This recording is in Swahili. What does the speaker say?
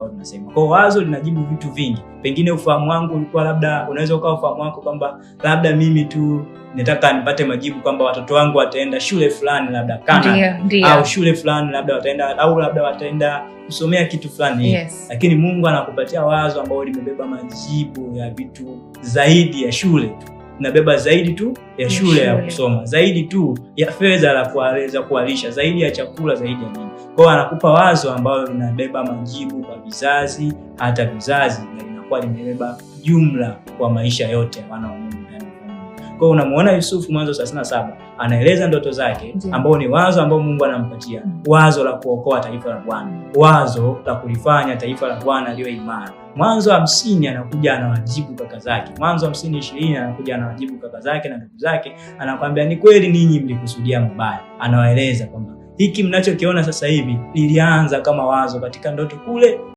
ambayo tunasema. Kwa wazo linajibu vitu vingi. Pengine ufahamu wangu ulikuwa labda unaweza ukawa ufahamu wako kwamba labda mimi tu nataka nipate majibu kwamba watoto wangu wataenda shule fulani labda kana au shule fulani labda wataenda au labda wataenda kusomea kitu fulani. Yes. Lakini Mungu anakupatia wazo ambao limebeba majibu ya vitu zaidi ya shule tu nabeba zaidi tu ya shule, ya kusoma zaidi tu ya fedha za kualisha zaidi ya chakula zaidi ya nini. Kwa hiyo anakupa wazo ambalo linabeba majibu kwa vizazi hata vizazi, na linakuwa limebeba jumla kwa maisha yote ya wana wa Mungu. Kwa hiyo unamuona Yusufu Mwanzo 37 anaeleza ndoto zake ambao ni wazo ambao Mungu anampatia, mm. wazo la kuokoa taifa la Bwana, wazo la kulifanya taifa la Bwana liwe imara. Mwanzo hamsini anakuja anawajibu kaka zake. Mwanzo hamsini ishirini anakuja anawajibu kaka zake na ndugu zake, anakwambia ni kweli ninyi mlikusudia mbaya Anawaeleza kwamba hiki mnachokiona sasa hivi lilianza kama wazo katika ndoto kule